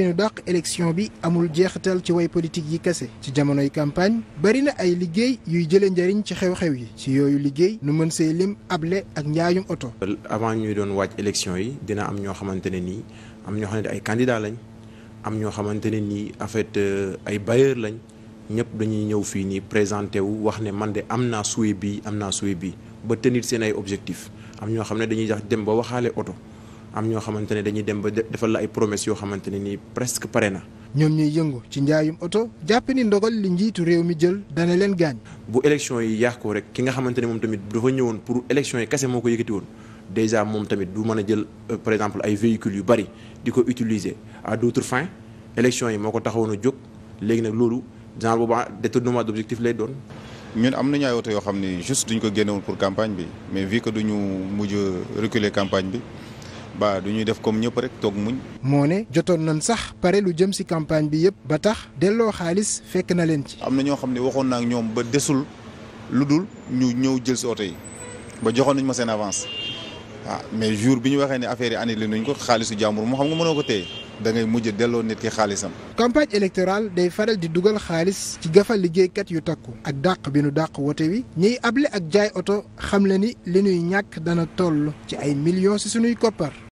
ñu dàq élection bi amul jeexital ci way politique yi kese ci jamonoy campagne bari na ay liggéey yuy jëlee njëriñ ci xew-xew yi ci yooyu liggéey nu mën see lim able ak njaayum oto. avant ñuy doon wàcc élection yi dina am ñoo xamante ne nii am ñoo xamante ay candidat lañ am ñoo xamante ne nii en fait euh, ay bailleur lañ ñëpp dañuy ñëw fii nii présenté wu wax ne man de am naa souhait bii am naa souhait bii ba tenir seen ay objectif am ñoo xam ne dañuy jax dem ba waxaale oto. am ñoo xamante ne dañuy dem ba defal la ay promesses yoo xamante ne nii presque pare na. ñoom ñuy yëngu ci njaayum oto jàpp ni ndogal li njiitu réew mi jël dana leen gaañ. bu élection yi yàqoo rek ki nga xamante ne moom tamit dafa ñëwoon pour élection yi kese moo ko yëkkati woon déjà moom tamit du mën a jël euh, par exemple ay véhicules yu bari di ko utiliser à outre fins élection yi moo ko taxawoon a jóg léegi nag loolu genre boobaa ah, détournement d'objectif lay doon. ñun am nañu ay oto yoo xam ne juste duñ ko génnewoon pour campagne bi mais vu que duñu mujj reculer campagne bi. ba du ñuy def comme ñëpp rek toog muñ. moo ne jotoon nañ sax pare lu jëm ci campagne bi yëpp ba tax delloo xaalis fekk na leen ci. am na ñoo xam ne waxoon naa ak ñoom ba desul lu dul ñu ñëw jël ci oto yi ba joxoon nañ ma seen avance waaw ah, mais jour bi ñu waxee ne affaire yi annulé nañ ko xaalisu jàmbur moo xam nga mënoo ko téye. da ngay mujj delloo nit ki xaalisam. campagne électorale day faral di dugal xaalis ci gafa liggéeykat yu takku ak dàq bi nu dàq wote wi ñiy able ak jaay oto xam le ni li ñuy ñàkk dana toll ci ay millions ci sunuy koppar.